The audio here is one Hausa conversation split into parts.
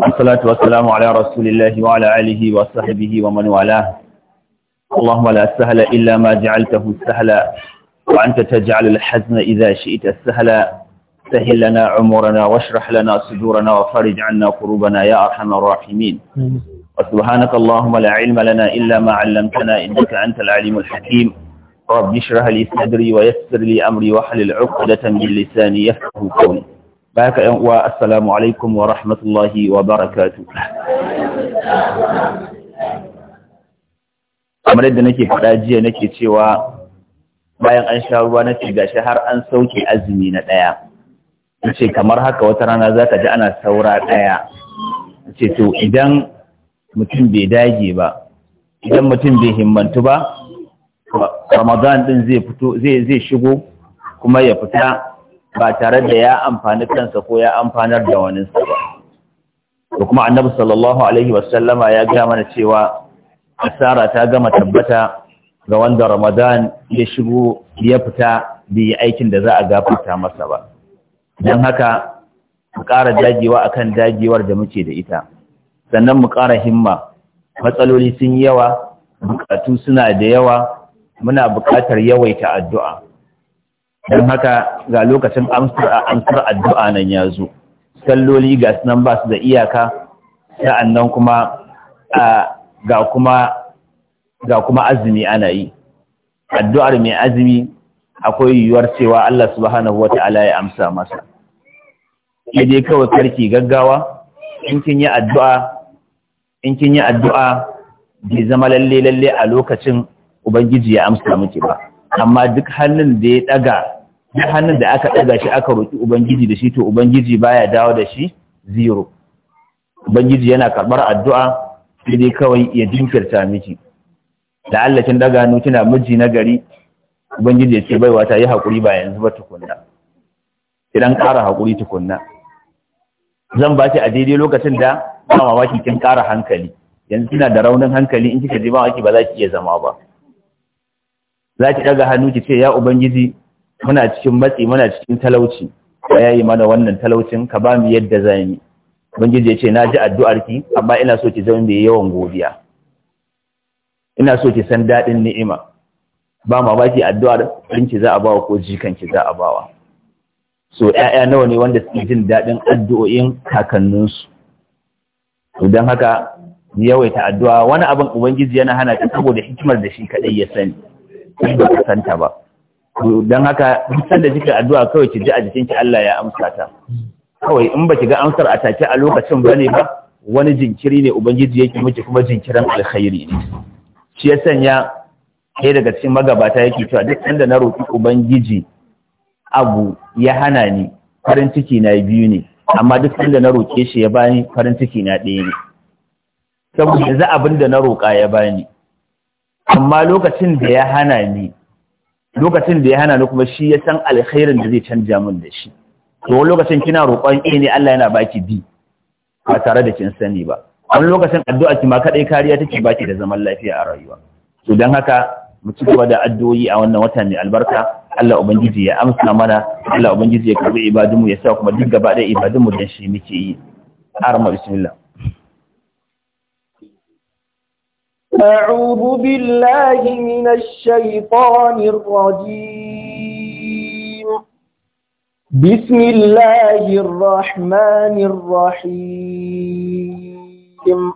والصلاة والسلام على رسول الله وعلى آله وصحبه ومن والاه اللهم لا سهل إلا ما جعلته سهلا وأنت تجعل الحزن إذا شئت سهلا سهل لنا عمرنا واشرح لنا صدورنا وفرج عنا كروبنا يا أرحم الراحمين وسبحانك اللهم لا علم لنا إلا ما علمتنا إنك أنت العليم الحكيم رب اشرح لي صدري ويسر لي أمري واحلل عقدة من لساني يفقه قولي baka yan uwa assalamu alaikum wa rahmatullahi wa barakatu kamar yadda nake faɗa jiya nake cewa bayan an sha ruwa na gashi har an sauke azumi na ɗaya nace kamar haka wata rana zaka ji ana saura ɗaya ce to idan mutum bai dage ba idan mutum bai himmantu ba ramadan din zai fito zai shigo kuma ya fita ba tare da ya amfani kansa ko ya amfanar da waninsa ba da kuma annabi sallallahu alaihi wasallama ya ga mana cewa asara ta gama tabbata ga wanda ramadan ya shigo ya fita bai yi aikin da za a gafarta masa ba don haka mu ƙara dajewa akan dajewar da muke da ita sannan mu ƙara himma matsaloli sun yawa bukatu suna da yawa muna buƙatar yawaita addu'a don haka ga lokacin amsar addu'a nan ya zo salloli ga sunan ba su da iyaka sa'annan kuma ga kuma ga kuma azumi ana yi addu'ar mai azumi akwai yiwuwar cewa Allah subhanahu wata'ala ya amsa masa ya dai kawai karki gaggawa in kin yi addu'a in kin yi addu'a bai zama lalle lalle a lokacin ubangiji ya amsa miki ba amma duk hannun da ya ɗaga duk hannun da aka ɗaga shi aka roƙi ubangiji da shi to ubangiji baya dawo da shi zero ubangiji yana karɓar addu'a sai dai kawai ya jinkirta miki da Allah kin daga hannu kina miji na gari ubangiji ya ce bai wata yi haƙuri ba yanzu ba tukunna idan ƙara haƙuri tukunna zan ba ki a daidai lokacin da ba mamaki kin ƙara hankali yanzu kina da raunin hankali in kika je ba ba za ki iya zama ba za ki daga hannu ki ce ya ubangiji muna cikin matsi muna cikin talauci ka yayi mana wannan talaucin ka ba mu yadda za mu ubangiji ya ce na ji addu'arki amma ina so ki zama mai yawan godiya ina so ki san daɗin ni'ima ba mamaki addu'ar ki za a bawa ko jikan ki za a bawa so ƴaƴa nawa ne wanda suke jin daɗin addu'o'in kakanninsu don haka mu yawaita addu'a wani abin ubangiji yana hana ka saboda hikimar da shi kaɗai ya sani ba ka santa ba don haka duk da kika addu'a kawai ki ji a jikin ki Allah ya amsa ta kawai in baki ga amsar a take a lokacin bane ba wani jinkiri ne ubangiji yake miki kuma jinkirin alkhairi ne shi ya sanya sai daga cikin magabata yake cewa duk inda na roki ubangiji abu ya hana ni farin ciki na biyu ne amma duk inda na roke shi ya bani farin ciki na ɗaya ne saboda yanzu abin da na roka ya bani amma lokacin da ya hana ni lokacin da ya hana ni kuma shi ya san alkhairin da zai canja min da shi to wani lokacin kina roƙon A ne Allah yana baki bi. ba tare da kin sani ba wani lokacin addu'a ki ma kadai kariya take baki da zaman lafiya a rayuwa to dan haka mu ci gaba da addu'o'i a wannan wata mai albarka Allah ubangiji ya amsa mana Allah ubangiji ya karbi ibadunmu ya sa kuma duk gaba da ibadunmu da shi muke yi ma bismillah أعوذ بالله من الشيطان الرجيم بسم الله الرحمن الرحيم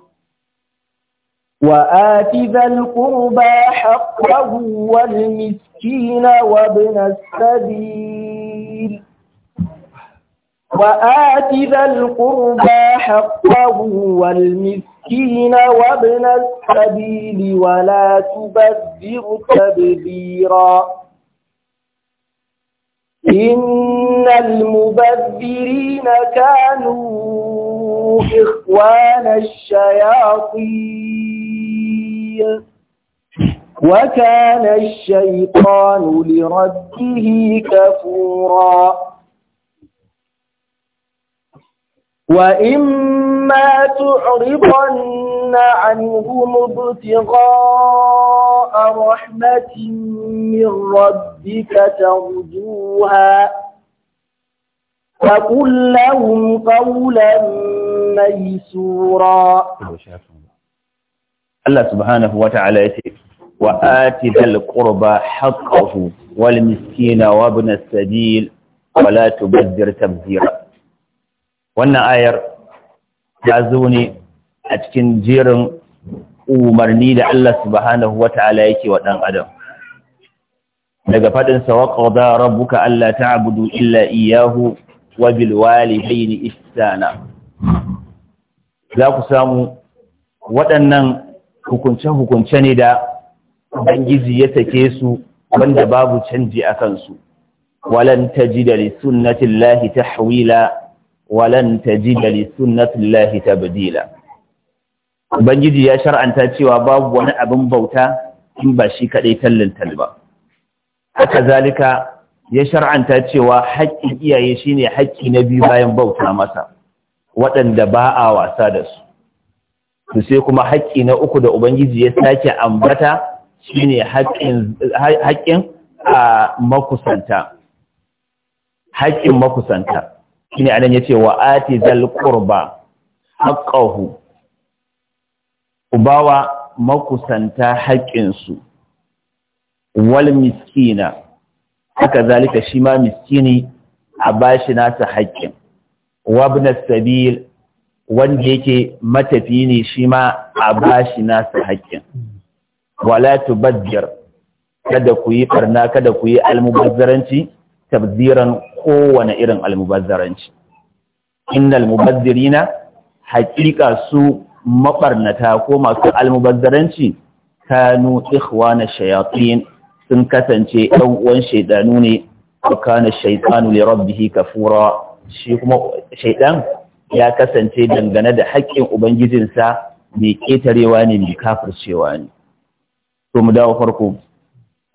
وآت ذا القربى حقه والمسكين وابن السبيل وآت ذا القربى حقه والمسكين المسكين وابن السبيل ولا تبذر تبذيرا إن المبذرين كانوا إخوان الشياطين وكان الشيطان لربه كفورا وإما فإما تعرضن عنهم ابتغاء رحمة من ربك ترجوها فقل لهم قولا ميسورا الله سبحانه وتعالى يتعلم وآت ذا القربى حقه والمسكين وابن السبيل ولا تبذر تبذيرا wannan ayar آية ya zo ne a cikin jerin umarni da Allah subhanahu ta'ala yake wa ɗan adam daga faɗin sa wa rabuka rabbuka alla ta'budu illa iyyahu wa bil walidayni ihsana za ku samu waɗannan hukunce hukunce ne da ubangiji ya take su wanda babu canji a kansu walan tajida li sunnati llahi tahwila walan tajida li ta tabdila ubangiji ya shar'anta cewa babu wani abin bauta in ba shi kadai tallin ba. haka zalika ya shar'anta cewa haƙƙin iyaye shine haƙƙi na biyu bayan bauta masa waɗanda ba a wasa da su to sai kuma haƙƙi na uku da ubangiji ya sake ambata shine ne haƙƙin makusanta shine anan yace wa ati zal qurba haqqahu ubawa makusanta su wal miskina haka zalika shi ma miskini a bashi nasa haƙƙin wabna sabil wanda yake matafi ne shi ma a bashi nasa haƙƙin wala tubajjir kada ku yi barna kada ku yi almubazzaranci tabdiran kowane irin almubazzaranci almubazzari mubazzirina haƙiƙa su maɓarnata ko masu almubazzaranci kanu ikhwana shayatin sun kasance ɗan uwan shaidanu ne wa kana shaytanu li rabbih kafura shi kuma shaidan ya kasance dangane da haƙƙin ubangijinsa mai ƙetarewa ne mai kafircewa ne to mu dawo farko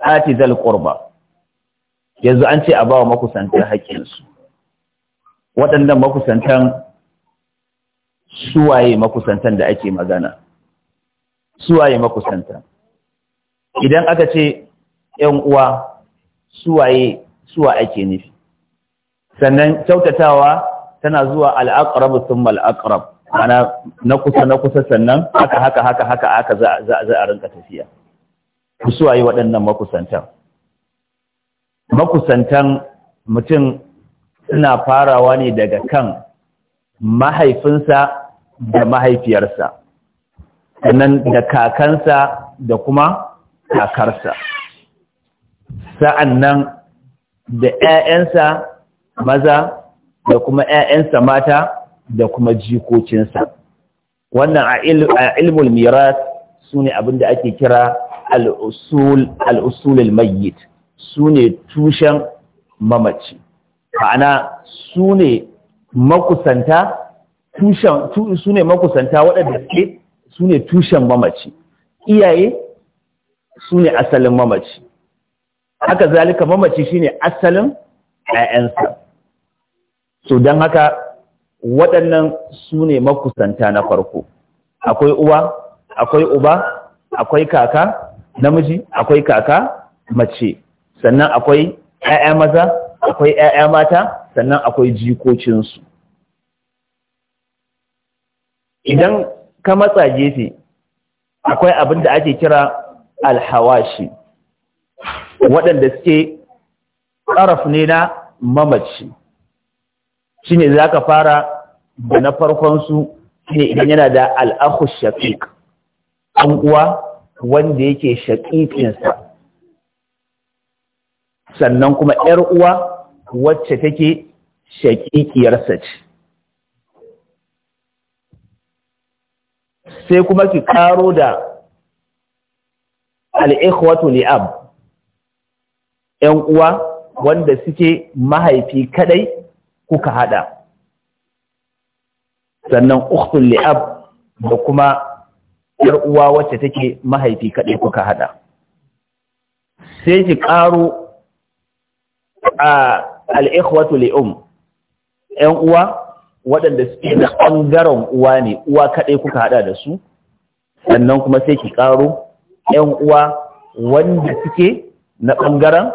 atizal qurba yanzu an ce a ba wa makusantar haƙƙinsu waɗannan makusantan suwaye makusantan da ake magana suwaye makusantan idan aka ce ‘yan uwa suwaye suwa ake nufi sannan kyautatawa tana zuwa al'aƙarabu sun mal'aƙarab ana na kusa na kusa sannan haka haka haka haka aka za a rinka tafiya suwaye waɗannan makusantan makusantan mutum suna farawa ne daga kan mahaifinsa da mahaifiyarsa sannan da kakansa da kuma kakarsa sa'an nan da ‘ya'yansa maza da kuma ‘ya'yansa mata da kuma jikokinsa wannan a ilmul mirat su ne da ake kira al'usul al-mayyit su ne tushen mamaci ma'ana su ne makusanta tushen su ne makusanta waɗanda ke su ne tushen mamaci iyaye su ne asalin mamaci haka zalika mamaci shine asalin ƴaƴansa so don haka waɗannan su ne makusanta na farko akwai uwa akwai uba akwai kaka namiji akwai kaka mace sannan akwai ‘ya'ya maza akwai ‘ya'ya mata sannan akwai jikokinsu. idan ka matsa gefe akwai abin da ake kira alhawashi waɗanda suke ƙaraf ne na mamaci shi ne za ka fara da na farkonsu ne idan yana da al'ahu shafiq an uwa wanda yake shaƙiƙinsa sannan kuma ‘yar uwa wacce take shaƙiƙiyarsa ce. Sai kuma ki ƙaro da al'ikwatu li'ab, ‘yan uwa wanda suke mahaifi kaɗai kuka haɗa, sannan uktun li'ab da kuma ‘yar uwa wacce take mahaifi kaɗai kuka haɗa. Sai ki ƙaro. al’ikwatu li'um ‘yan uwa waɗanda suke da ɓangaren uwa ne uwa kaɗai kuka haɗa da su sannan kuma sai ki ƙaro ‘yan uwa wanda suke na ɓangaren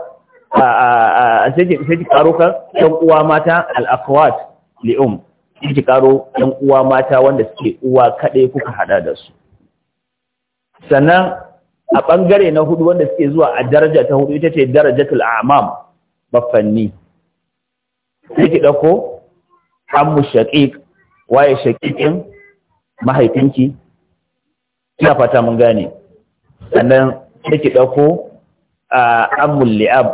sai ki ƙaro kan ‘yan uwa mata al'akwat li'um sai ki ƙaro ‘yan uwa mata wanda suke uwa kaɗai kuka haɗa da su sannan a ɓangare na hudu wanda suke zuwa a daraja ta hudu ita ce darajatul amam Mafanni, sai ki ɗauko ammu shaƙiƙ waye shaƙiƙin mahaifinki ina fata mun gane sannan sai ki ɗauko amul li'ab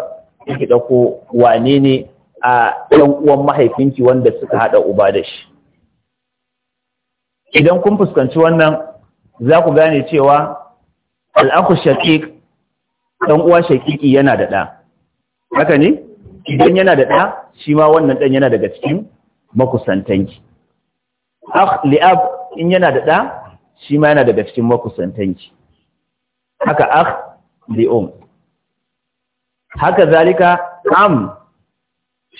sai ki ɗauko wane ne a ɗan uwan mahaifinki wanda suka haɗa uba da shi idan kun fuskanci wannan za ku gane cewa alaku shaƙiƙ ɗan uwa shaƙiƙi yana da ɗa haka ne idan yana da ɗa shi ma wannan ɗan yana daga cikin makusantanki akh li'ab in yana da ɗa shi ma yana daga cikin makusantanki haka akh li'um haka zalika am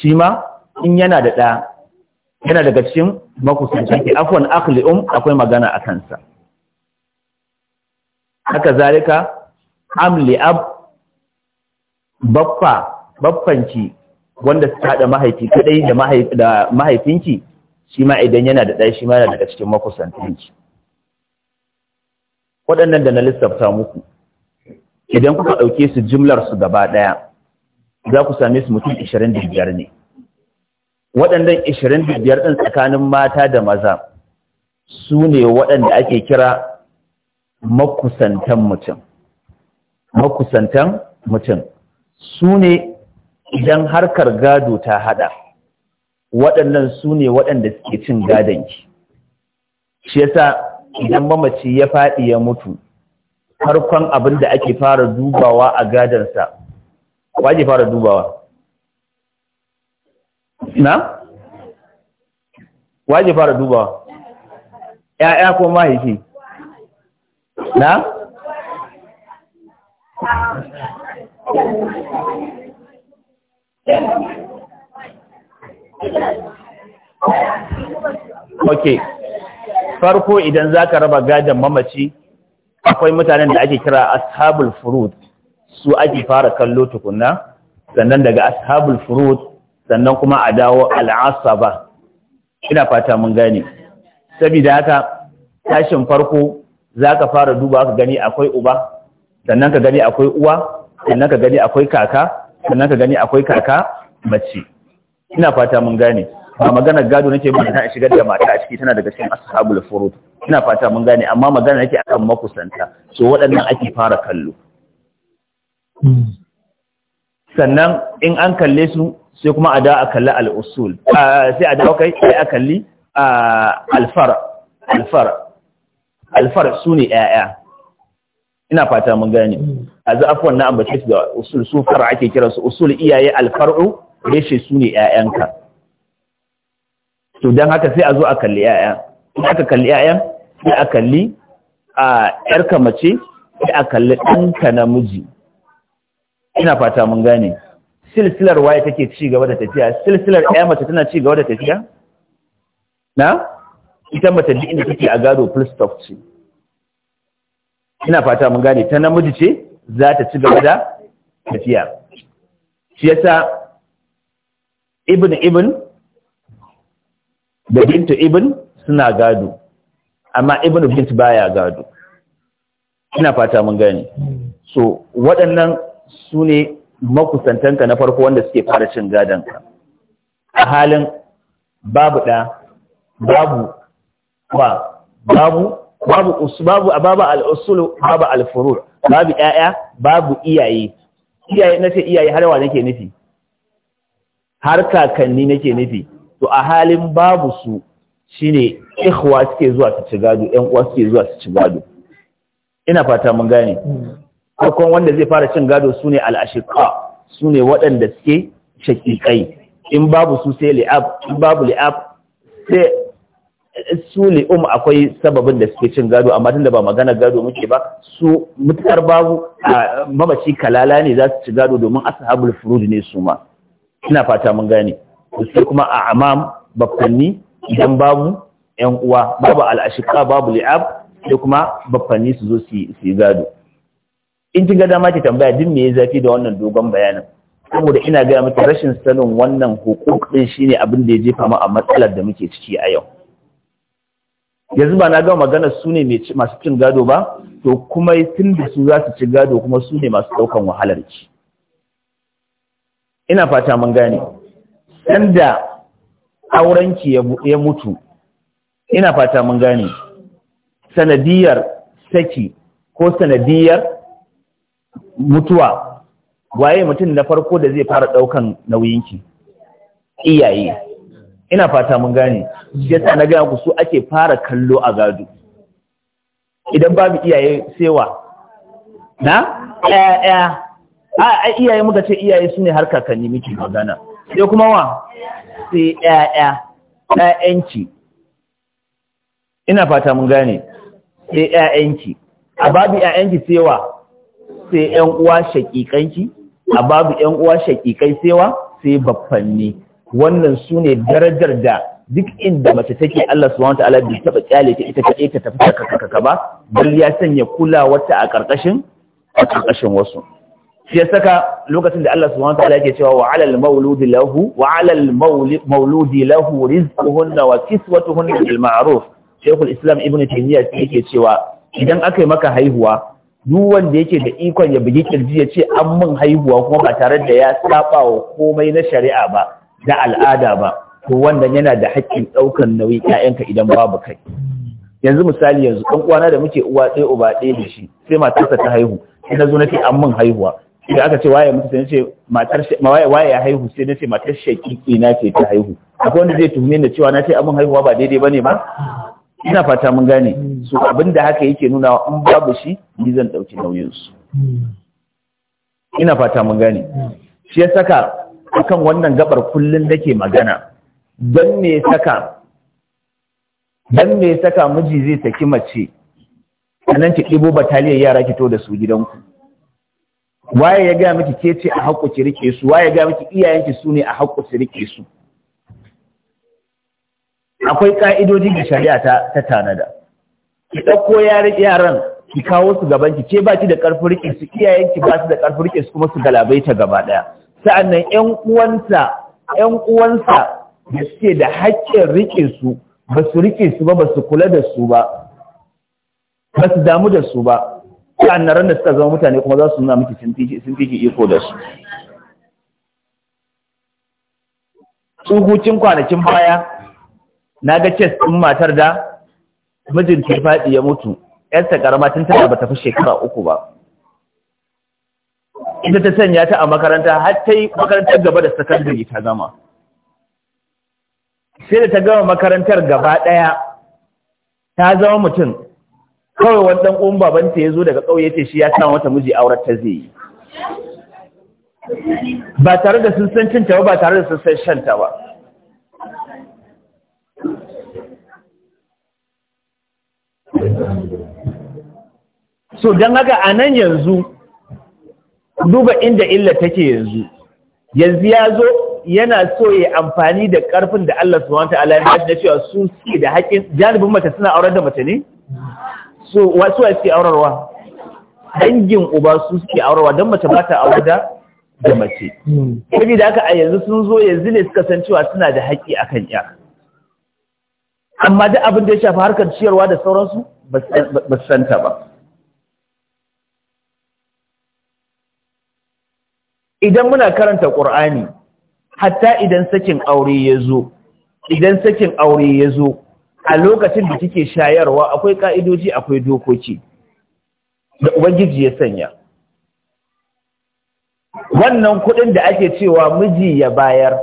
shi ma in yana da ɗa yana daga cikin makusantanki afwan akh li'um akwai magana a kansa haka zalika am li'ab baffa baffanci wanda suka haɗa mahaifi kaɗai da mahaifinki shi ma idan yana da ɗaya shi ma yana daga cikin makusantanki waɗannan da na lissafta muku idan kuka ɗauke su jimlar su gaba ɗaya za ku same su mutum 25 ne waɗannan 25 ɗin tsakanin mata da maza su ne waɗanda ake kira makusantan mutum makusantan mutum su ne idan harkar gado ta hada waɗannan su ne waɗanda suke cin gadonki shi yasa idan mamaci ya faɗi ya mutu farkon abin da ake fara dubawa a gadonsa wa ake fara dubawa na? wa fara dubawa ‘ya'ya ko mahaifi na? ok farko idan za ka raba gadon mamaci akwai mutanen da ake kira ashabul furud su ake fara kallo tukunna sannan daga ashabul furud sannan kuma a dawo al'asa ba, ina fata mun gane saboda haka tashin farko za ka fara duba ka gani akwai uba sannan ka gani akwai uwa sannan ka gani akwai kaka sannan ka gani akwai kaka mace ina fata mun gane ba maganar gado nake ba ta shigar da mata a ciki tana daga cikin ashabul furud ina fata mun gane amma magana nake akan makusanta so waɗannan ake fara kallo sannan in an kalle su sai kuma a da a kalli al'usul sai a dawo kai sai a kalli alfar alfar al-far ne ‘ya'ya ina fata mun gane a za afwan na ambace su da usul su fara ake kira su usul iyaye alfar'u reshe su ne ƴaƴanka to dan haka sai a zo a kalli ƴaƴa in aka kalli ƴaƴan sai a kalli a ƴarka mace sai a kalli ɗanka namiji ina fata mun gane silsilar waye take ci gaba da tafiya silsilar ƴa mace tana ci gaba da tafiya na ita mace duk inda take a gado full stop ce ina fata mun gane ta namiji ce za ta ci gaba da tafiya shi sa ibn ibn da bintu ibn suna gado amma ibn bint baya gado ina fata mun gani. so waɗannan su ne makusantanka na farko wanda suke fara cin gadonka a halin babu ɗa babu ba babu babu babu babu al'usulu babu babu ƴaƴa babu iyaye iyaye na ce iyaye har wa nake nufi har kakanni nake nufi to a halin babu su shine ikhwa suke zuwa su ci gado ƴan uwa suke zuwa su ci gado ina fata mun gane farkon wanda zai fara cin gado sune al-ashiqa sune waɗanda suke shakikai in babu su sai li'ab in babu li'ab sai su um akwai sababin da suke cin gado amma tunda ba magana gado muke ba su mutar babu a mamaci kalala ne za su ci gado domin ashabul furud ne su ma ina fata mun gane su kuma a amam bafanni idan babu yan uwa babu al'ashika babu li'ab sai kuma bafanni su zo su yi gado in kin ga dama tambaya din me ya zafi da wannan dogon bayanin saboda ina gaya miki rashin sanin wannan hukuk ɗin shine abin da ya jefa mu a matsalar da muke ciki a yau yanzu ba na gama magana su ne masu cin gado ba to kuma tun da su za su ci gado kuma su ne masu ɗaukan wahalar ci ina fata mun gane sanda aurenki ya mutu ina fata mun gane sanadiyar saki ko sanadiyar mutuwa waye mutum na farko da zai fara ɗaukan nauyinki iyaye ina fata mun gane yasa na gaya ku su ake fara kallo a gado idan babu iyaye sewa na ƴaƴa ai iyaye muka ce iyaye su ne har kakanni miki magana sai kuma wa sai ƴaƴa ƴaƴanki ina fata mun gane sai ƴaƴanki a babu ƴaƴanki sewa sai ƴan uwa shakikanki a babu ƴan uwa shaƙiƙai sewa sai baffanni wannan su ne darajar da duk inda mace take Allah subhanahu wataala bai taba kyale ta ita kaɗai ta tafi kakakaka ba bal ya sanya kula a ƙarƙashin a wasu shi ya saka lokacin da Allah subhanahu wataala yake cewa wa alal mauludi lahu wa alal mauludi lahu rizquhunna wa kiswatuhunna bil ma'ruf Sheikhul Islam Ibn Taymiyyah yake cewa idan aka yi maka haihuwa duk wanda yake da ikon ya bugi kirji ya ce an mun haihuwa kuma ba tare da ya saba wa komai na shari'a ba da al'ada ba ko wanda yana da haƙƙin ɗaukan nauyi ƴaƴanka idan babu kai yanzu misali yanzu ɗan uwana da muke uwa ɗaya uba ɗaya da shi sai matarsa ta haihu sai na zo na ce an min haihuwa idan aka ce waye mutu sai na ce matar waye ya haihu sai na ce matar shakiki na ce ta haihu akwai wanda zai tuhume ni cewa na ce an min haihuwa ba daidai bane ba ina fata mun gane su abinda haka yake nuna in babu shi ni zan ɗauki nauyin su ina fata mun gane shi ya saka akan wannan gabar kullum nake magana don me saka don me saka miji zai saki mace nan ki ɗibo bataliyar yara ki to da su gidanku waye ya gaya miki ke ce a haƙƙo ki rike su waye ya gaya miki iyayenki su ne a haƙƙo su rike su akwai ƙa'idoji da shari'a ta, ta tanada ki ɗauko yaran ki kawo su gaban ki ke ba ki da ƙarfin rike su iyayenki ba su da ƙarfin rike su kuma su galabaita gaba ɗaya sa'annan 'yan' uwanta ƴan uwansa da suke da haƙƙin riƙe su ba su riƙe su ba ba su kula da su ba ba su damu da su ba sa'annan ran da suka zama mutane kuma za su nuna miki sun fi iko da su tsugucin kwanakin baya na ga ce ɗin matar da mijin ya ya mutu ‘yarta ƙarama tun tana ba ta fi shekara uku ba ita ta sanya ta a makaranta har ta yi makarantar gaba da sakandare ta gama sai da ta gama makarantar gaba ɗaya ta zama mutum kawai wani ɗan ƙun babanta ya zo daga ƙauye ce shi ya sa wata miji aurar ta zai yi ba tare da sun san cinta ba ba tare da sun san shanta ba so don haka a nan yanzu duba inda illa take yanzu yanzu ya zo yana so ya amfani da karfin da Allah wanta ala ya na cewa su suke da haƙin janibin mata suna aurar da mace ne so wasu suke aurarwa dangin uba su suke aurarwa don mace ba ta aurar da da mace saboda haka a yanzu sun zo yanzu ne suka san cewa suna da haƙi akan ya amma duk abin da ya shafi harkar ciyarwa da sauransu ba su santa ba idan muna karanta ƙur'ani hatta idan sakin aure ya zo idan sakin aure ya zo a lokacin da kike shayarwa akwai ka'idoji akwai dokoki da ubangiji ya sanya wannan kuɗin da ake cewa miji ya bayar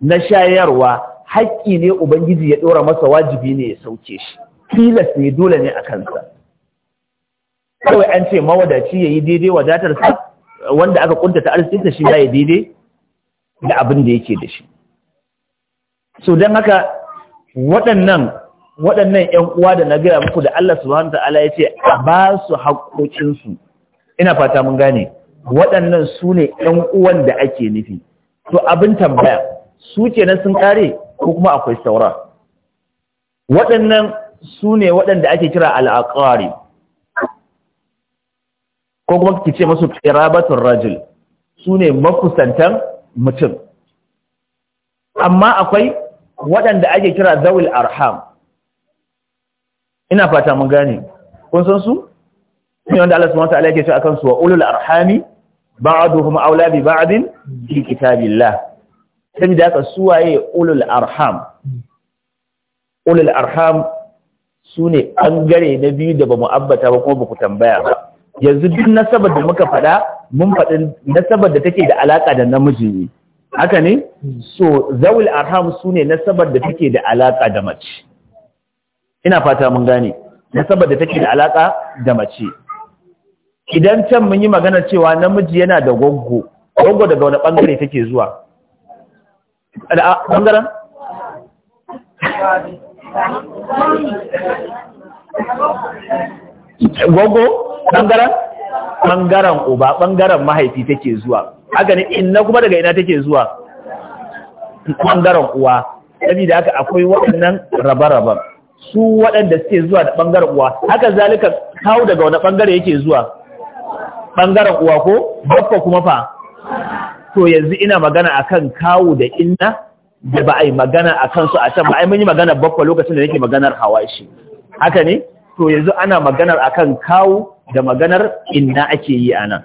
na shayarwa haƙƙi ne ubangiji ya ɗora masa wajibi ne ya sauke shi tilas ne dole ne a kansa kawai an ce mawadaci ya yi daidai wadatarsa wanda aka kuntata arzikinsa shi ya yi daidai da abin da yake da shi so don haka waɗannan waɗannan ‘yan uwa da na gaya muku da Allah subhanahu ta'ala ya ce a ba su haƙoƙinsu ina fata mun gane waɗannan su ne ‘yan uwan da ake nufi to abin tambaya su ke nan sun kare ko kuma akwai saura waɗannan su ne waɗanda ake kira al'aƙari ko kuma ki ce masu qirabatul rajul sune makusantan mutum amma akwai waɗanda ake kira zawil arham ina fata mun gane kun san su ne wanda Allah subhanahu wa ta'ala yake cewa akan su wa ulul arhami ba'duhum aula bi ba'din fi kitabillah saboda haka suwaye ulul arham ulul arham sune bangare na biyu da bamu abbata ba kuma baku tambaya ba yanzu duk nasabar da muka faɗa mun faɗi nasabar da take da alaƙa da namiji ne haka ne so zawul arham su ne nasabar da take da alaƙa da mace ina fata mun gane nasabar da take da alaƙa da mace idan can mun yi magana cewa namiji yana da goggo goggo daga wani bangare take zuwa bangaren goggo ɓangaren? ɓangaren uba ɓangaren mahaifi take zuwa haka ne inna kuma daga ina take zuwa ɓangaren uwa Sabida haka akwai waɗannan rabe-raben su waɗanda suke zuwa da bangaren uwa haka zalika kawo daga wani ɓangare yake zuwa ɓangaren uwa ko baffa kuma fa to yanzu ina magana akan kawo da inna da ba a yi magana a kansu a can ba a yi yi magana baffa lokacin da nake maganar Hawa shi haka ne to yanzu ana maganar akan kawo da maganar inna ake yi a nan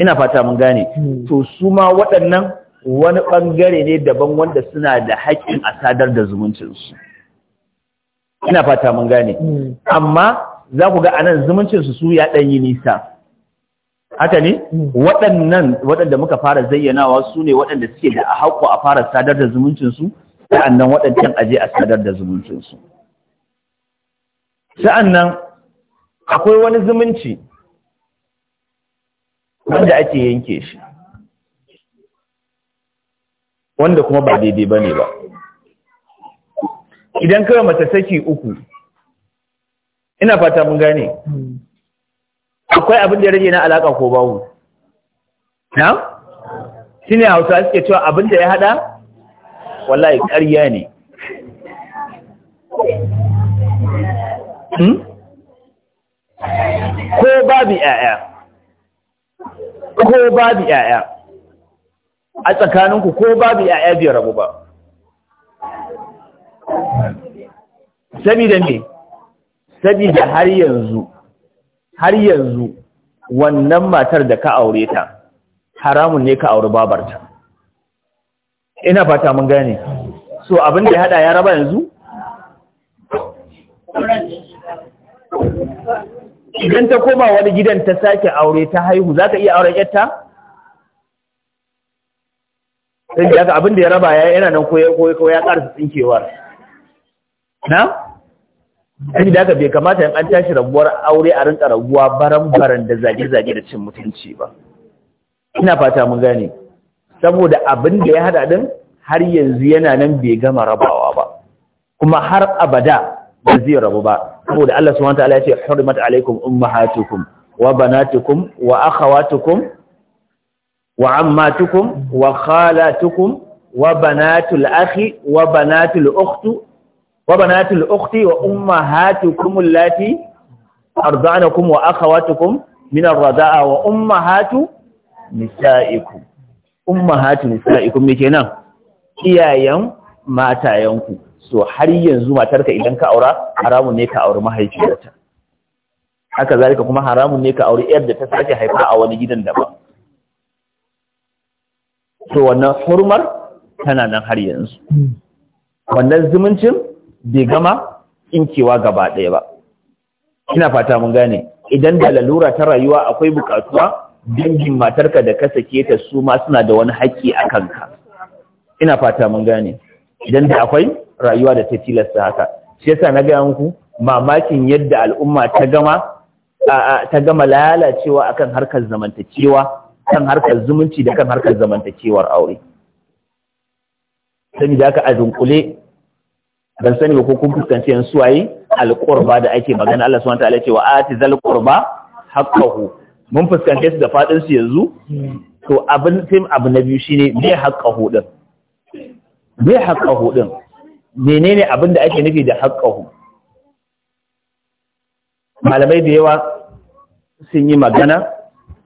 ina fata mun gane hmm. to su ma waɗannan wani ɓangare ne daban wanda suna da haƙƙin a sadar da zumuncinsu ina fata mun gane hmm. amma za ku ga a nan zumuncinsu su ya ɗan yi nisa haka ne hmm. waɗannan waɗanda muka fara zayyanawa su ne waɗanda suke da a haƙƙo a fara sadar da zumuncinsu nan waɗancan aje a sadar da zumuncinsu nan akwai wani zumunci wanda ake yanke shi wanda kuma ba daidai ba ne ba idan kai mace saki uku ina fata mun gane akwai abin da ya rage na alaka ko bawu na? shi ne hausa suke cewa abin da ya hada wallahi ƙarya ne hmm? ko babu ƴaƴa ko babu ƴaƴa a tsakaninku ko babu ƴaƴa biyar rabu ba sabida ne, sabida har yanzu har yanzu wannan matar da ka aure ta haramun ne ka aure babarta ina fata mun gane so abin da ya haɗa ya raba yanzu idan ta koma wani gidan ta sake aure ta haihu za ka iya auren yatta? sai da abin da ya raba ya yana nan koyo ya karsa tsinkewar na? sai da aka bai kamata yin an tashi rabuwar aure a rinka rabuwa baran-baran da zage-zage da cin mutunci ba ina fata mun gane saboda abin da ya haɗa ɗin har yanzu yana nan bai gama rabawa ba kuma har abada ba zai rabu ba saboda Allah subhanahu wataala ya ce hurmat alaikum ummahatukum wa banatukum wa akhawatukum wa ammatukum wa khalatukum wa banatul akhi wa banatul ukhti wa banatul ukhti wa ummahatukum allati arda'nakum wa akhawatukum min ar-rada'a wa ummahatu nisa'ikum ummahatu nisa'ikum me kenan iyayen matayanku so har yanzu matarka idan ka aura haramun ne ka auri mahaifiyarta haka zalika kuma haramun ne ka auri yar da ta sake haifa a wani gidan daban so wannan hurmar tana nan har yanzu wannan zumuncin bai gama inkewa gaba ɗaya ba ina fata mun gane idan da lalura ta rayuwa akwai bukatuwa dangin matarka da ka sake ta su ma suna da wani haƙƙi a kanka ina fata mun gane idan da akwai rayuwa da ta tilasta haka shi yasa na gaya muku mamakin yadda al'umma ta gama ta gama lalacewa akan harkar zamantakewa kan harkar zumunci da kan harkar zamantakewar aure da aka a dunkule ban sani ba ko kun fuskanci yan suwaye alƙurba da ake magana Allah subhanahu wa ta'ala cewa ati zal qurba haƙƙahu. mun fuskance su da faɗinsu su yanzu to abin abu na biyu shine me haƙƙahu ɗin. me haƙƙahu ɗin. menene abin da ake nufi da haƙƙahu malamai da yawa sun yi magana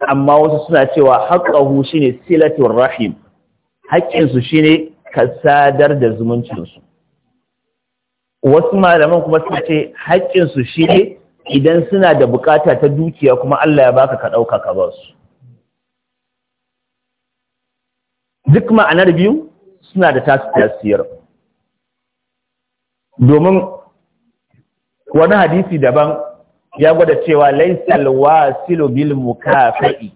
amma wasu suna cewa haƙƙahu shine silatul rahim haƙƙinsu shine ka sadar da zumuncinsu wasu malaman kuma suna ce haƙƙinsu shine idan suna da bukata ta dukiya kuma Allah ya baka ka ɗauka ka ba su duk ma'anar biyu suna da tasu domin wani hadisi daban ya gwada cewa laisal wasilu bil mukafa'i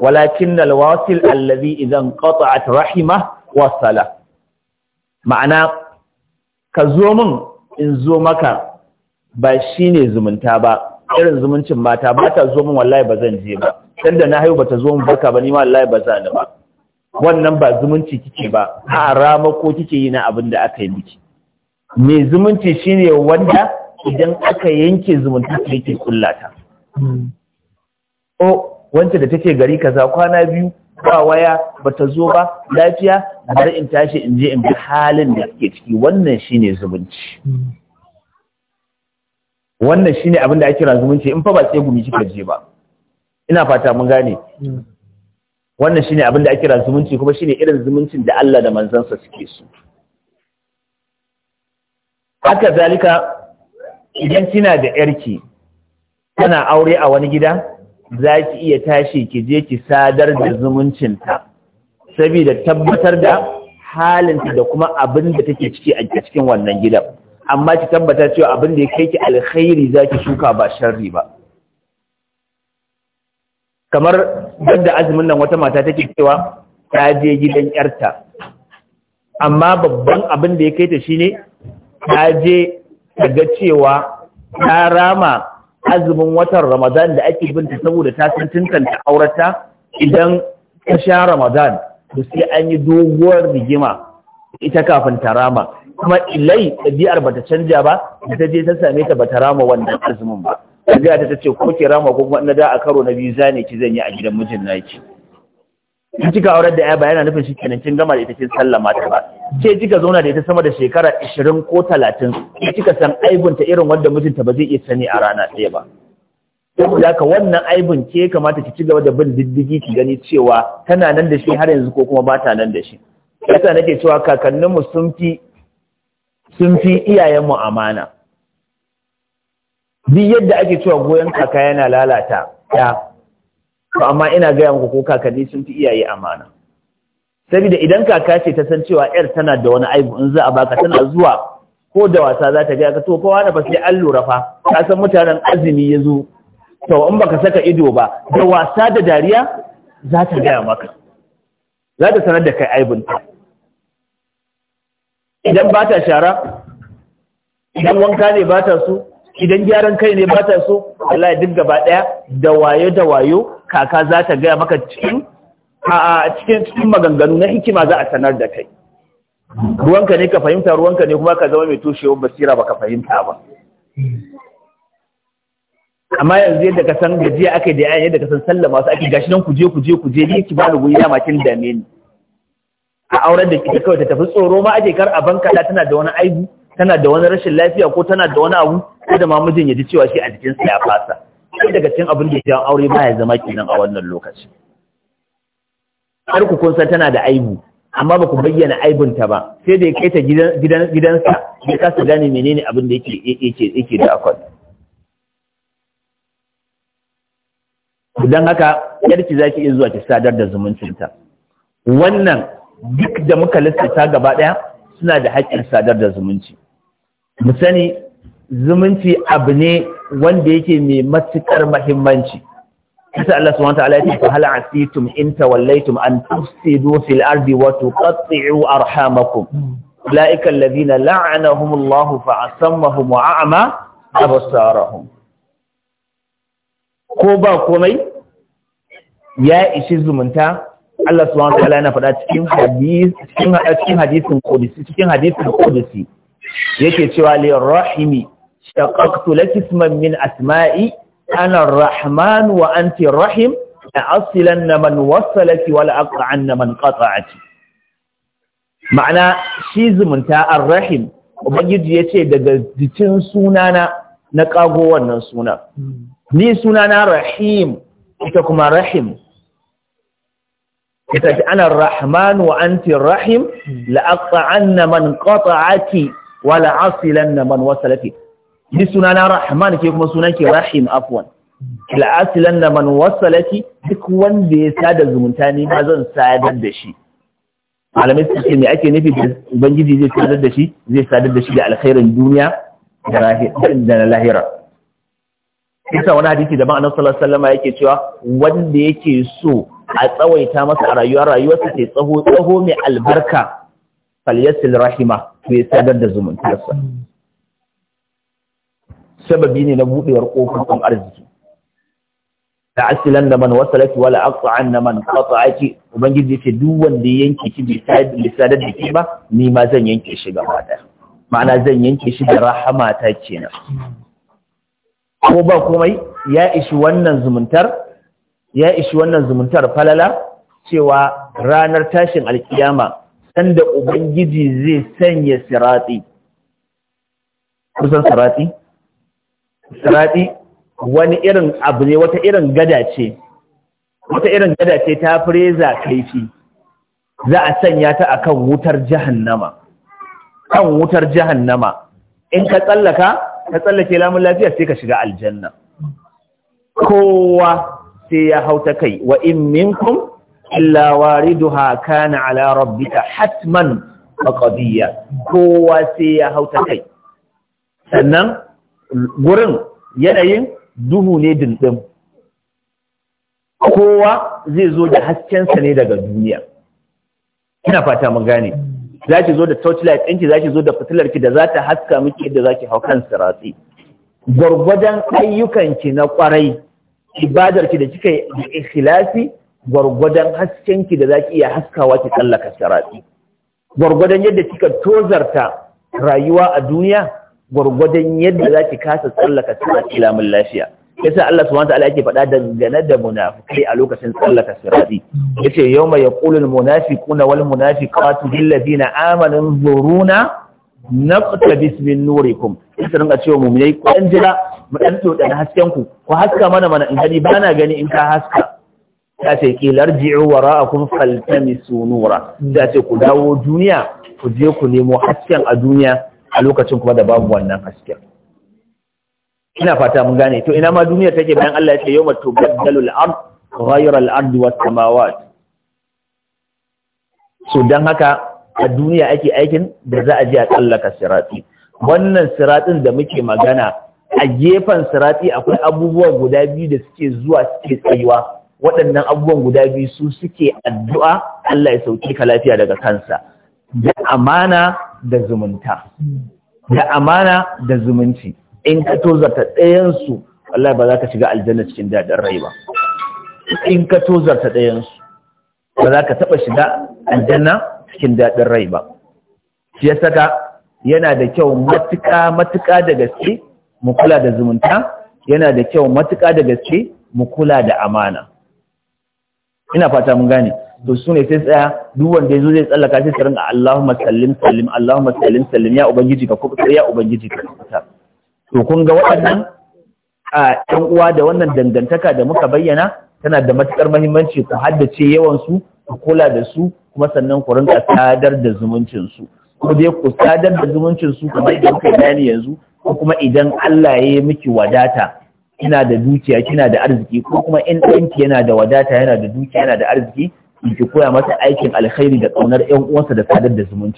walakin al wasil allazi idan qata'at rahima wasala ma'ana ka zo min in zo maka ba shine zumunta ba irin zumuncin mata ba ta zo min wallahi ba zan je ba Tanda na haihu bata zo min barka ba ni ma wallahi ba ba wannan ba zumunci kike ba a ramako kike yi na abin da aka yi miki mai zumunci shine wanda idan aka yanke zumunta ta yake kullata o wanda da take gari kaza kwana biyu ba waya ba ta zo ba lafiya har in tashi in je in bi halin da ke ciki wannan shine zumunci wannan shine abin da ake kira zumunci in fa ba sai gumi kika je ba ina fata mun gane wannan shine abin da ake kira zumunci kuma shine irin zumuncin da Allah da manzansa suke so haka zalika idan kina da yarki tana aure a wani gida za ki iya tashi ki je ki sadar da zumuncinta saboda tabbatar da halinta da kuma abin da take ciki a cikin wannan gidan amma ki tabbata cewa abin da ya kai ki alkhairi za ki shuka ba sharri ba kamar yadda azumin nan wata mata take cewa ta je gidan yarta amma babban abin da ya kai ta shine ta je ta ga cewa ta rama azumin watan Ramadan da ake binta saboda ta san tantanta aurata idan ta sha Ramadan to sai an yi doguwar rigima ita kafin ta rama kuma ilai ɗabi'ar bata canja ba da ta je ta same ta bata rama wannan azumin ba ta ta ce ko ke rama ko kuma na da a karo na biyu zane ki zan yi a gidan mijin naki in kika aurar da ya bayana yana nufin shi kenan kin gama da ita kin sallama ta ba Jiya kika zauna da ita sama da shekara 20 ko 30 in kika san aibun ta irin wanda mijinta ba zai iya sani a rana ɗaya ba saboda haka wannan aibun ke kamata ki ci gaba da bin diddigi ki gani cewa tana nan da shi har yanzu ko kuma ba ta nan da shi yasa nake cewa mu sun fi sun fi iyayen mu amana duk yadda ake cewa goyon kaka yana lalata ya to amma ina gaya muku ko kakanni sun fi iyaye amana saboda idan kaka ce ta san cewa yar tana da wani aibu in za a baka tana zuwa ko da wasa za ta gaya ka to ko wani ba sai an lura fa ka san mutanen azumi ya zo to in baka saka ido ba da wasa da dariya za ta gaya maka za ta sanar da kai aibun ta. idan ba ta shara idan wanka ne ba ta so idan gyaran kai ne ba ta so Allah ya duk gaba daya da wayo da wayo kaka za ta gaya maka cikin maganganu na hikima za a sanar da kai ruwanka ne ka fahimta ruwanka ne kuma ka zama mai toshewar basira ba ka fahimta ba amma yanzu yadda ka san gajiya aka da yayin yadda ka san sallama masu ake gashi nan kuje kuje kuje ne ki bani guri na makin dame ni a auren da kike kawai ta tafi tsoro ma ake kar a banka tana da wani aibu tana da wani rashin lafiya ko tana da wani abu ko da ma mijin ya ji cewa shi a jikinsa ya fasa sai daga cikin abin da ya aure ba ya zama kenan a wannan lokaci har ku kun san tana da aibu amma ba ku bayyana aibun ta ba sai da ya kai ta gidansa ya kasa gane menene abin da yake yake da akwai don haka yarki za ki iya zuwa ki sadar da zumuncinta wannan duk da muka lissata gaba ɗaya suna da haƙƙin sadar da zumunci mu sani zumunci abu ne wanda yake mai matukar mahimmanci kisa Allah subhanahu wa ta'ala yake fa hal asitum in tawallaytum an tufsidu fil ardi wa tuqatti'u arhamakum ulaika alladhina la'anahumullahu fa asammahum wa a'ma absarahum ko ba komai ya ishi zumunta Allah subhanahu wa ta'ala yana faɗa cikin hadisi cikin hadisin qudsi cikin hadisin qudsi yake cewa li rahimi اشتققت لك اسما من أسمائي أنا الرحمن وأنت الرحيم لاصلن من وصلك ولا أقطعن من قطعت معنى شيز من تاء الرحيم وبجد يتي دغ دتين سنانا نا كاغو wannan suna ni sunana rahim ita kuma rahim ita ce ana rahman wa anti rahim la aqta anna ni sunana rahman ke kuma sunan ke rahim afwan la'asilan da man wasalaki duk wanda ya sada zumunta ne ma zan sadar da shi malamai su ce me ake nufi da ubangiji zai sadar da shi zai sadar da shi da alkhairin duniya da na lahira isa wani hadisi da ma'anar sallallahu sallama yake cewa wanda yake so a tsawaita masa a rayuwa rayuwarsa ke tsaho tsaho mai albarka falyasil rahima to ya sadar da zumuntarsa sababi ne na buɗewar ƙofofin arziki da asilan da man wasalat wala aqta'an da man qata'aki ubangiji ce duk wanda yanke ki bai sadar da ba ni ma zan yanke shi gaba daya ma'ana zan yanke shi da rahama ta kenan ko ba komai ya ishi wannan zumuntar ya ishi wannan zumuntar falala cewa ranar tashin alkiyama sanda ubangiji zai sanya sirati kusan sirati sirati wani irin abu ne wata irin gada ce wata irin gada ce ta fireza kaifi za a sanya ta akan wutar jahannama kan wutar jahannama in ka tsallaka ka tsallake lamun lafiya sai ka shiga aljanna kowa sai ya hau ta kai wa in minkum illa wariduha kana ala rabbika hatman maqdiya kowa sai ya hau ta kai sannan gurin yanayin duhu ne dindin kowa zai zo da haskensa ne daga duniya ina fata mun gane za ki zo da torchlight ɗinki za ki zo da fitilarki da za ta haska miki yadda za ki hau kan siratsi gwargwadon ayyukanki na kwarai ibadarki da kika yi ikhlasi gwargwadon haskenki da za ki iya haskawa ki tsallaka siratsi gwargwadon yadda kika tozarta rayuwa a duniya gwargwadon yadda za ki kasa tsallaka sirati lamun lafiya sa Allah subhanahu wataala yake faɗa dangane da munafikai a lokacin tsallaka sirati yace yawma yaqulu almunafiquna wal munafiqatu lil na amanu zuruna naqtabis min nurikum sai ringa cewa mu'minai ku dan jira mu ɗan to hasken ku ku haska mana mana in gani bana gani in ka haska ta ce a wara'akum faltamisu nura ta ce ku dawo duniya ku je ku nemo hasken a duniya a lokacin kuma da babu wannan hasken ina fata mun gane to ina ma duniya take bayan Allah ya ce yau tubaddalu gaddalu ard ghayra al-ard samawat so don haka a duniya ake aikin da za a ji a tsallaka sirati wannan siratin da muke magana a gefen sirati akwai abubuwan guda biyu da suke zuwa suke tsayuwa waɗannan abubuwan guda biyu su suke addu'a Allah ya sauke ka lafiya daga kansa da amana da zumunta hmm. da amana da zumunci in ka tozarta ɗayansu Allah ba za ka shiga aljanna cikin daɗin rai ba in ka tozarta ɗayansu ba za ka taɓa shiga aljanna cikin daɗin rai ba shi ya saka yana da kyau matuƙa matuƙa da gaske mu kula da zumunta yana da kyau matuƙa da gaske mu kula da amana ina fata mun gane to su ne sai tsaya duk wanda ya zo zai tsallaka sai tsarin Allahumma sallim sallim Allahumma sallim sallim ya ubangiji ka kubutar ya ubangiji ka kubutar to kun ga waɗannan a ɗan uwa da wannan dangantaka da muka bayyana tana da matukar muhimmanci ku haddace yawan su ku kula da su kuma sannan ku rinka sadar da zumuncin su ko dai ku sadar da zumuncin su kamar da muka bayani yanzu ko kuma idan Allah ya yi miki wadata kina da dukiya kina da arziki ko kuma in danki yana da wadata yana da dukiya yana da arziki ki koya masa aikin alkhairi da ƙaunar ƴan uwansa da sadar da su.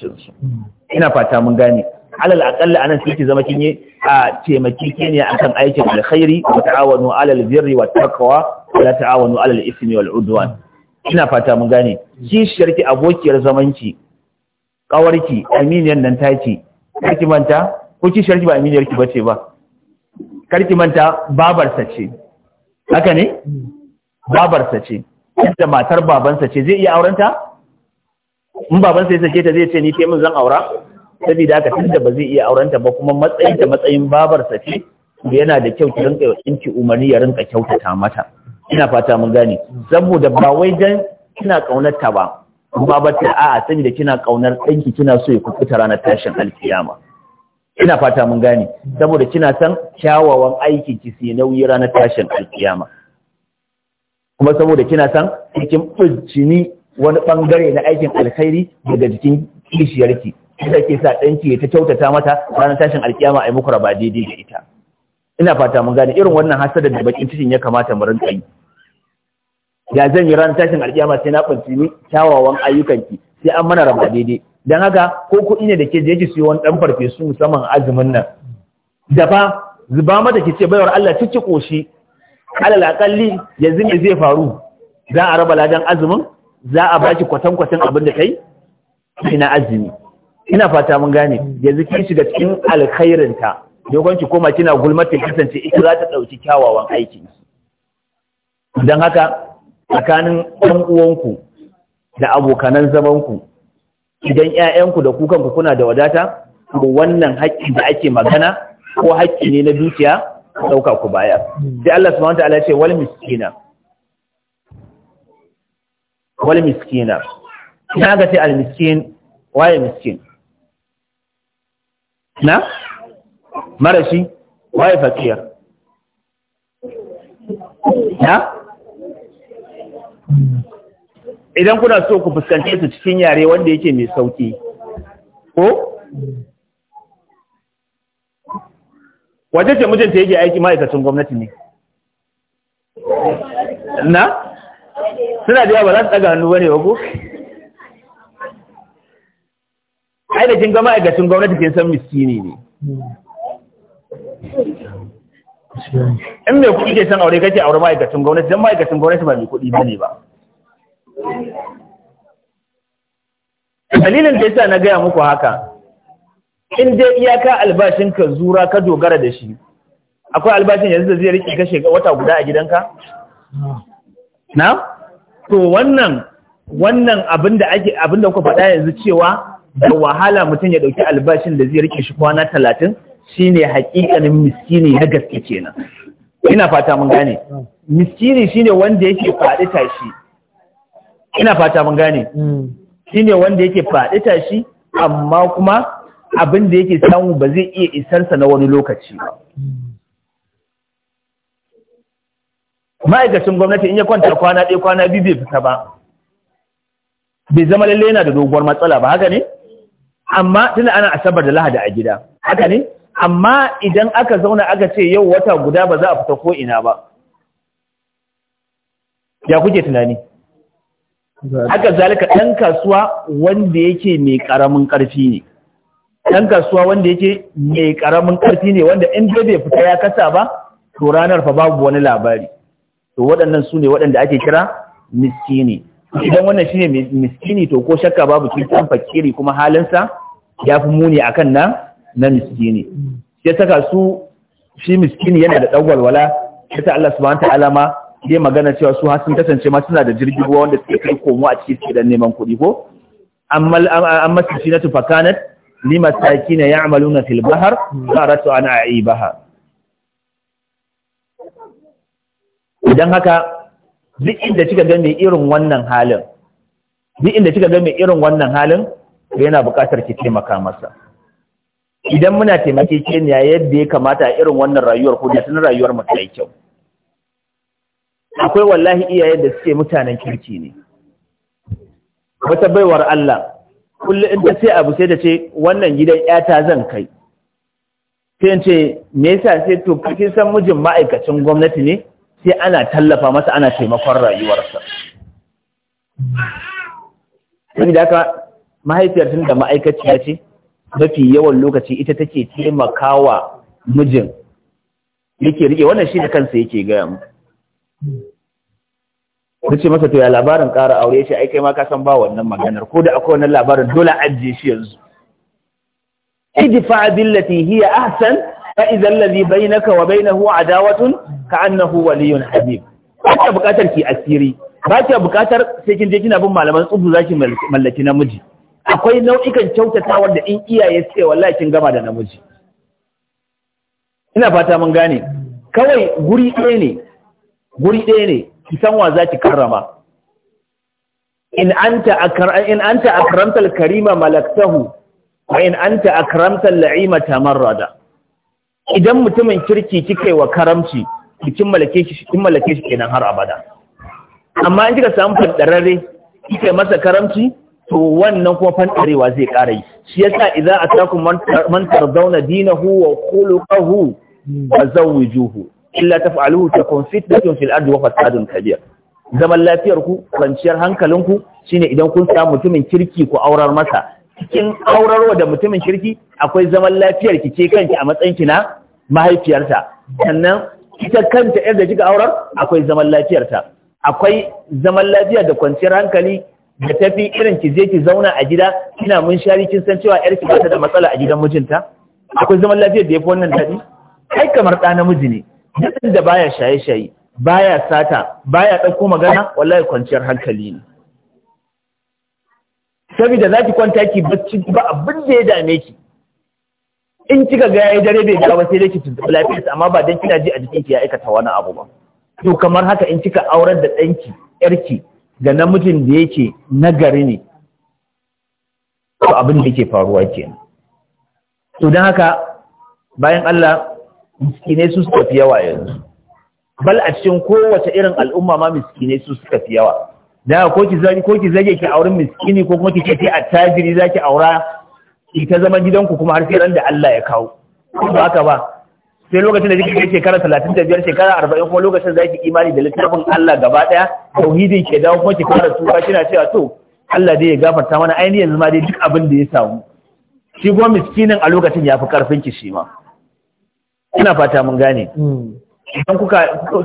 ina fata mun gane alal aqalla anan sai ki zama kin yi a taimaki kene akan aikin alkhairi wa ta'awanu alal birri wat taqwa wa la ta'awanu alal ismi wal udwan ina fata mun gane kishiyar ki abokiyar zamanci kawarki aminiyar nan taki ki manta ko kishiyar ki ba aminiyar ki bace ba karki manta babarsa ce haka ne babarsa ce yadda matar babansa ce zai iya aurenta in babansa ya sake ta zai ce ni ke mun zan aura saboda haka tunda ba zai iya auranta ba kuma matsayin ta matsayin babarsa ce yana da kyau ki rinka yanki umarni ya rinka kyautata mata ina fata mun gane saboda ba wai dan kina kaunar ta ba kuma ba ta a'a saboda kina kaunar danki kina so ya kuɓuta ranar tashin alkiyama ina fata mun gane saboda kina san kyawawan aiki ki sai nauyi ranar tashin alkiyama kuma saboda kina san cikin bincini wani bangare na aikin alkhairi daga jikin kishiyarki sai ke sa danki ya ta kyautata mata ranar tashin alkiyama a yi muku raba daidai da ita ina fata mun gane irin wannan hasada da bakin cikin ya kamata mu rinka yi ya zan yi ranar tashin alkiyama sai na bincini kyawawan ayyukan ki sai an mana raba daidai don haka ko kuɗi ne da ke je ki siyo wani ɗan farfesu musamman azumin nan da fa, zuba mata ki ce baiwar Allah ciki koshi alal akalli yanzu me zai faru za a raba ladan azumin za a baki kwatan abin da kai ina azumi ina fata mun gane yanzu ki shiga cikin alkhairinta dogon ki koma kina gulmata kasance ita za ta ɗauki kyawawan aikin don haka tsakanin ɗan uwanku da abokanan zamanku idan 'ya'yanku da kukanku kuna da wadata ko wannan haƙƙi da ake magana ko haƙƙi ne na dukiya ɗauka ku baya sai Allah subhanahu wataala ce wal miskina wal miskina na ga sai al miskin waye miskin na marashi waye fakir na idan kuna so ku fuskance su cikin yare wanda yake mai sauki ko wace ce ta yake aiki ma'aikacin gwamnati ne na suna da yawa ba za su hannu wane wago ainihin ga ma'aikacin gwamnati kin san miskini ne in mai kuɗi ke san aure kake aure ma'aikacin gwamnati don ma'aikacin gwamnati ba mai kuɗi ba ne ba dalilin da yasa na gaya muku haka in dai iyaka albashin ka zura ka dogara da shi akwai albashin yanzu da zai rike kashe wata guda a gidanka na to wannan wannan abin da ake abin kuka faɗa yanzu cewa da wahala mutum ya ɗauki albashin da zai rike shi kwana talatin shine hakikanin miskini na gaske kenan ina fata mun gane miskini shine wanda yake faɗi tashi ina fata mun gane hmm. Shi ne wanda yake faɗi tashi amma kuma abin da yake samu ba zai iya isarsa na wani lokaci ba ma'aikacin gwamnati in ya kwanta kwana ɗaya kwana biyu bai fita ba bai zama lalle yana da doguwar matsala ba haka ne amma tunda ana asabar da lahadi a gida haka ne amma idan aka zauna aka ce yau wata guda ba za a fita ko ina ba ya kuke tunani haka zalika ɗan kasuwa wanda yake mai ƙaramin ƙarfi ne ɗan kasuwa wanda yake mai ƙaramin ƙarfi ne wanda in bai fita ya kasa ba to ranar fa babu wani labari to waɗannan su ne waɗanda ake kira miskini idan wannan shine miskini to ko shakka babu cutar fakiri kuma halinsa ya fi muni akan nan na miskini sai saka su shi miskini yana da ɗan walwala sai Allah subhanahu wa ta'ala ma yi magana cewa su sun kasance ma suna da jirgin ruwa wanda suke kai komo a cikin su neman kuɗi ko an masu shi na tufakanat lima saki na ya amalu na filbahar za a rasu ana a yi bahar idan haka duk inda kika ga mai irin wannan halin duk inda kika ga mai irin wannan halin yana buƙatar ki taimaka masa idan muna taimakekeniya yadda ya kamata a irin wannan rayuwar ko da rayuwar mu ta yi kyau akwai wallahi iyaye da suke mutanen kirki ne wata baiwar Allah kullum in ta sai abu sai ta ce wannan gidan yata zan kai sai ce me yasa sai to kin san mijin ma'aikacin gwamnati ne sai ana tallafa masa ana taimakon rayuwarsa da haka mahaifiyar tun da ma'aikaciya ce mafi yawan lokaci ita take taimakawa mijin yake rike wannan shi da kansa yake gaya mu ta ce masa to ya labarin ƙara aure shi ai kai ma ka ba wannan maganar ko da akwai wannan labarin dole ajiye shi yanzu idfa billati hiya ahsan fa idza alladhi bainaka wa bainahu adawatun ka annahu waliyun habib ba ta bukatar ki asiri ba ki buƙatar sai kin je kina bin malaman tsubu ki mallaki namiji akwai nau'ikan kyautatawar da in iyaye suke wallahi kin gama da namiji ina fata mun gane kawai guri ɗaya ne guri ɗaya ne ki san wa za ki karrama in anta akram in karima malaktahu wa in anta akramtal la'ima tamarrada idan mutumin kirki kike wa karamci kin malake shi kin malake shi kenan har abada amma in kika samu fadarare kike masa karamci to wannan kuma fantarewa zai ƙara yi shi yasa idza atakum man tardawna dinahu wa khuluquhu wa zawwijuhu illa taf'aluhu takun fitnatun fil ardi wa fasadun kabir zaman lafiyar ku kwanciyar hankalinku shine idan kun samu mutumin kirki ku aurar masa cikin aurarwa da mutumin kirki akwai zaman lafiyar ki ce kanki a matsayin ki na mahaifiyarta sannan ita kanta yadda kika aurar akwai zaman lafiyarta akwai zaman lafiya da kwanciyar hankali da tafi irin ki je ki zauna a gida kina mun shari kin san cewa yarki ba ta da matsala a gidan mijinta akwai zaman lafiyar da yafi wannan daɗi kai kamar ɗa namiji ne duk da baya shaye-shaye baya sata baya ɗauko magana wallahi kwanciyar hankali ne saboda za ki kwanta ki bacci ba abin da ya dame ki in kika ga yayi dare bai dawo sai dai ki tuntuɓi lafiyar amma ba dan kina ji a jikin ki ya aikata wani abu ba to kamar haka in kika aurar da ɗanki yarki ga namijin da yake nagari ne to abin da yake faruwa kenan to don haka bayan Allah miskine su suka fi yawa yanzu bal a cikin kowace irin al'umma ma miskine su suka fi yawa da ko ki zage ko ki zage ki auren miskini ko kuma ki ce a tajiri zaki aura ki ta zama gidanku kuma har sai ran da Allah ya kawo ko ba haka ba sai lokacin da kike kai shekara 35 shekara 40 kuma lokacin ki imani da littafin Allah gaba daya tauhidin ke dawo kuma ki fara tuba kina cewa to Allah dai ya gafarta mana ainihin yanzu ma dai duk abin da ya samu shi kuma miskinin a lokacin ya fi karfin ki shi ma ina fata mun gane hmm. idan kuka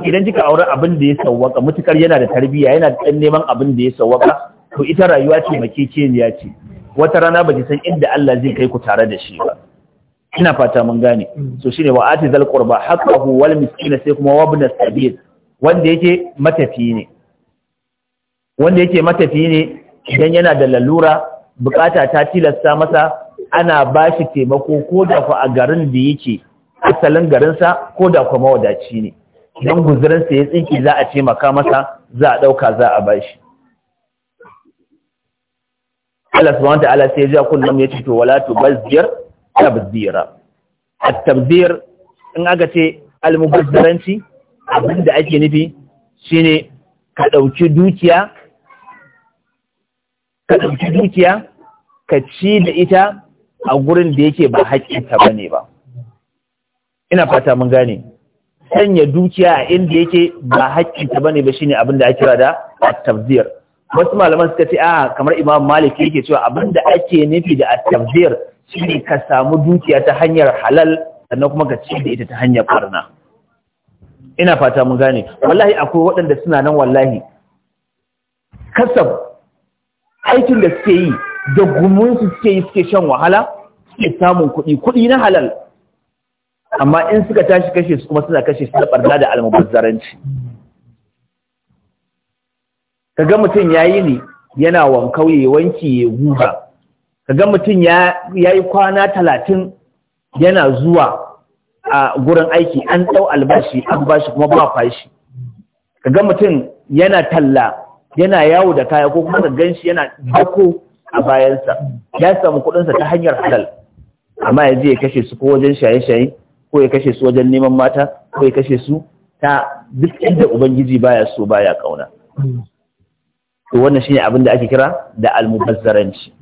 idan kika aure abin da ya sawwaka mutukar yana da tarbiyya yana da neman abin da ya sawwaka to ita rayuwa ce makekeniya ce wata rana ba san inda Allah zai kai ku tare da shi ba ina fata mun gane hmm. so shine wa ati zal qurba haqqahu wal miskina sai kuma wa ibn sabil wanda yake matafi ne wanda yake matafi ne idan yana da lalura bukata ta tilasta masa ana bashi taimako ko da a garin da yake asalin garinsa ko da kuma wadaci ne idan guzurinsa ya tsinki za a ce maka masa za a ɗauka za a bashi Allah subhanahu ta'ala sai ya kullum ya ce to wala tubazzir tabzira at-tabzir in aka ce almubazzaranci da ake nufi shine ka ɗauki dukiya ka ɗauki dukiya ka ci da ita a gurin da yake ba haƙƙinta bane ba ina fata mun gane sanya dukiya a inda yake ba ta bane ba shine abin da ake kira da at wasu malaman suka ce a kamar Imam Malik yake cewa abin da ake nufi da at-tabzir shine ka samu dukiya ta hanyar halal sannan kuma ka ci da ita ta hanyar barna ina fata mun gane wallahi akwai waɗanda suna nan wallahi kasab aikin da suke yi da gumunsu suke yi suke shan wahala suke samun kuɗi kuɗi na halal amma in suka tashi kashe su kuma suna kashe su da barna da almubazzaranci kaga mutum yayi ne yana wankau ya wanki ya guba kaga mutum ya yi kwana talatin yana zuwa a gurin aiki an ɗau albashi an bashi kuma ba fashi kaga mutum yana talla yana yawo da kaya ko kuma ka shi yana dako a bayansa ya samu sa ta hanyar halal amma yaje ya kashe su ko wajen shaye-shaye ko ya kashe su wajen neman mata ko ya kashe su ta duk inda ubangiji baya so baya kauna to wannan shine abin da ake kira da almubazzaranci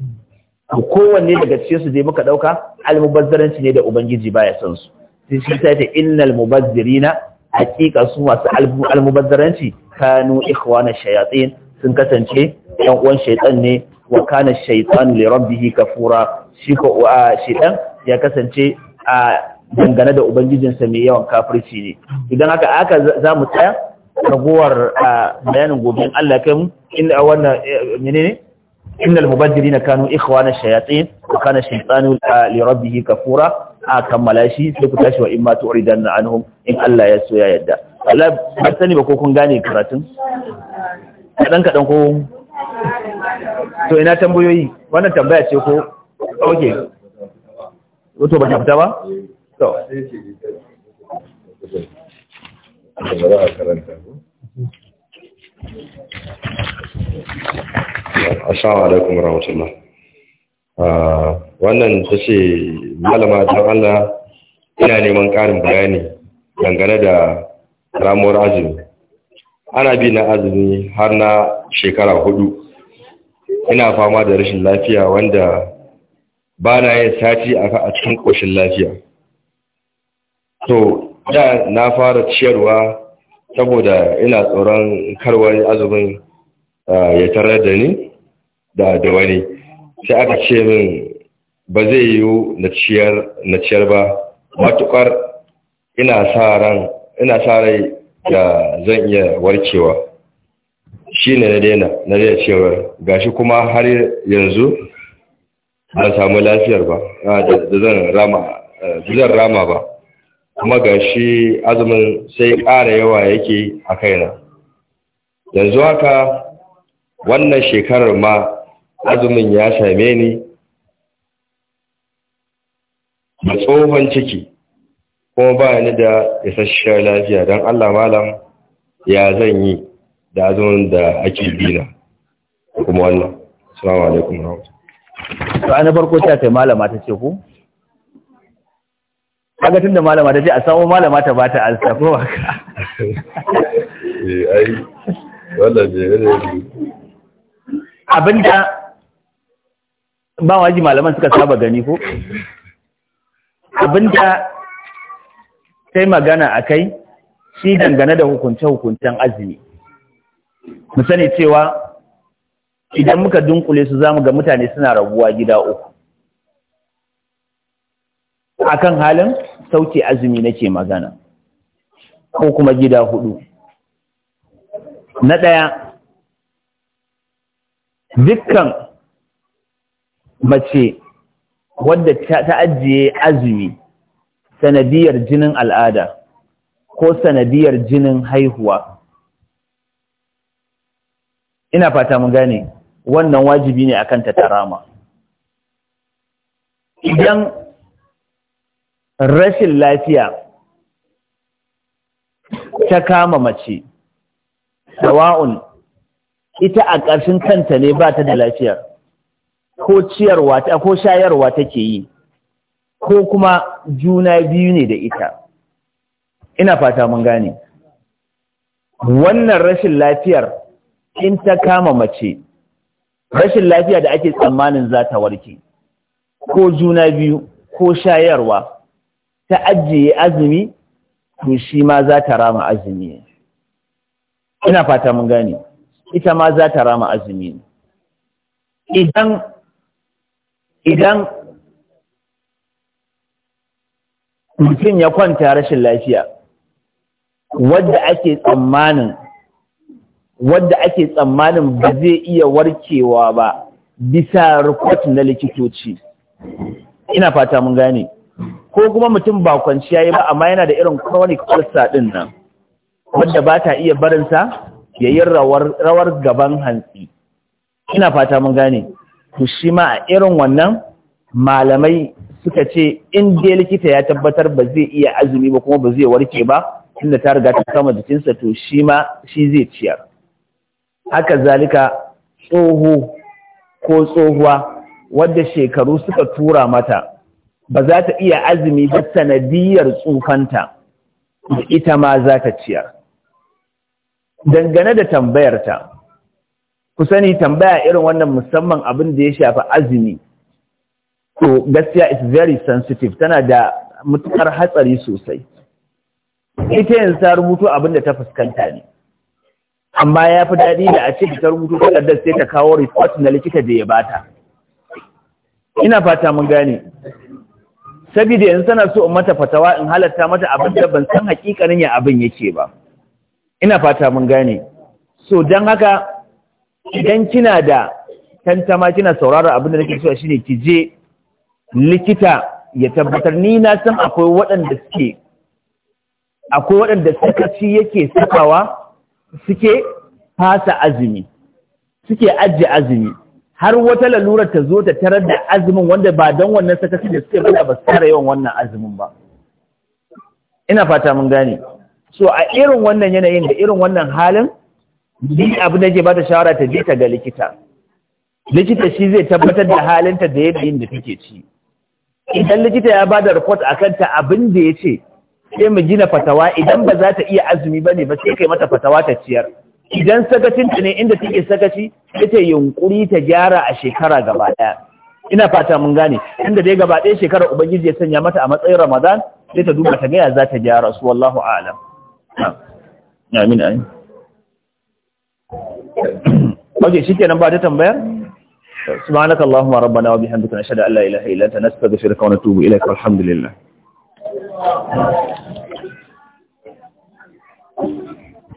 to kowanne daga cikin su dai muka dauka almubazzaranci ne da ubangiji baya son su sai shi ta ce innal mubazzirina hakika su masu almubazzaranci kanu ikhwana shayatin sun kasance yan uwan shaytan ne wa kana shaytan li kafura shi ko shaytan ya kasance a dangane da ubangijinsa mai yawan kafirci ne idan haka aka za mu tsaya ragowar bayanin gobe Allah kai mu inda wannan eh, menene innal mubaddirina kanu ikhwana shayatin wa kana shaytanu li rabbih kafura a kammala shi sai ku tashi wa in ma tu'ridanna anhum in Allah ya so ya yadda Allah ba sani ba ko kun gane karatun kadan kadan ko to ina tambayoyi wannan tambaya ce ko okay wato ba ta fita ba to za a karanta Wannan ta ce malama don Allah ina neman ƙarin bayani dangane da ramuwar azumi. Ana bi na azumi har na shekara hudu. Ina fama da rashin lafiya wanda ba na yin sati a cikin ƙoshin lafiya. to da na fara ciyarwa saboda ina tsoron karwar azumin ya tarar da ni da da wani sai aka ce min ba zai yiwu na ciyar ba matukar ina sa ran ina sa rai da zan iya warkewa shi ne na daina na daina cewar gashi kuma har yanzu ba samu lafiyar ba da zan rama ba kuma ga shi azumin sai ƙara yawa yake a kaina yanzu haka wannan shekarar ma azumin ya same ni da tsohon ciki kuma ba ni da isasshen lafiya don Allah malam ya zan yi da azumin da ake bina kuma wannan. Assalamu alaikum. barko ta kai malama ta ce ku? kaga tunda malama ta ce a samu malama ta bata alsa ko ka. eh ai wannan ne ne abinda ba waji malaman suka saba gani ko abinda sai magana akai shi dangane da hukunce-hukuncen azumi mu sani cewa idan muka dunkule su zamu ga mutane suna rabuwa gida uku akan halin sauke azumi nake magana ko kuma gida hudu na ɗaya dukkan mace wadda ta ajiye azumi sanadiyar jinin al'ada ko sanadiyar jinin haihuwa ina fata mun gane wannan wajibi ne akan ta tarama idan rashin lafiya ta kama mace dawa'un ita a ƙarshen kanta ne ba ta da lafiyar ko ciyarwa ta ko shayarwa take yi ko kuma juna biyu ne da ita ina fata mun gane wannan rashin lafiyar in ta kama mace rashin lafiya da ake tsammanin za ta warke ko juna biyu ko shayarwa ta ajiye azumi to shi ma za ta rama azumi ne ina fata mun gane ita ma za ta rama azumi ne idan idan mutum ya kwanta rashin lafiya wadda ake tsammanin wadda ake tsammanin ba zai iya warkewa ba bisa report na likitoci ina fata mun gane ko kuma mutum ba kwanciya yi ba amma yana da irin chronic ulcer din nan wanda ba ta iya barinsa ya yi rawar, gaban hantsi ina fata mun gane to shi ma a irin wannan malamai suka ce in dai likita ya tabbatar ba zai iya azumi ba kuma ba zai warke ba tunda ta riga ta kama jikinsa to shi ma shi zai ciyar haka zalika tsoho ko tsohuwa wadda shekaru suka tura mata ba za ta iya azumi ba sanadiyar tsufanta ita ma za ta ciyar dangane da tambayarta ku sani tambaya irin wannan musamman abin da ya shafi azumi to gaskiya is very sensitive tana da mutukar hatsari sosai ita yanzu ta rubuto abin da ta fuskanta ne amma ya fi daɗi da a ce ta rubuto takardar sai ta kawo report na likita da ya bata ina fata mun gane saboda yanzu tana so in mata fatawa in halatta mata abin da ban san hakikanin ya abin yake ba ina fata mun gane so dan haka idan kina da tantama kina saurara abin da nake so shine ki je likita ya tabbatar ni na san akwai waɗanda suke akwai waɗanda ci yake sakawa suke fasa azumi suke ajiye azumi har wata lalurar ta zo ta tarar da azumin wanda ba don wannan sakaci da suke bada ba su tara yawan wannan azumin ba ina fata mun gane so a irin wannan yanayin da irin wannan halin ni abu da ke ba ta shawara ta je ta ga likita likita shi zai tabbatar da halinta da yadda yin da take ci idan likita ya ba da report a kanta abin da ya ce sai mu gina fatawa idan ba za ta iya azumi ba ne ba sai kai mata fatawa ta ciyar idan sakacinta ne inda take sakaci ita yunkuri ta gyara a shekara gaba ɗaya ina fata mun gane inda dai gaba ɗaya shekara ubangiji ya sanya mata a matsayin ramadan sai ta duba ta gaya za ta gyara su wallahu alam amin amin ok shikenan ba ta tambayar سبحانك اللهم ربنا وبحمدك نشهد ان لا اله الا انت نستغفرك ونتوب اليك والحمد لله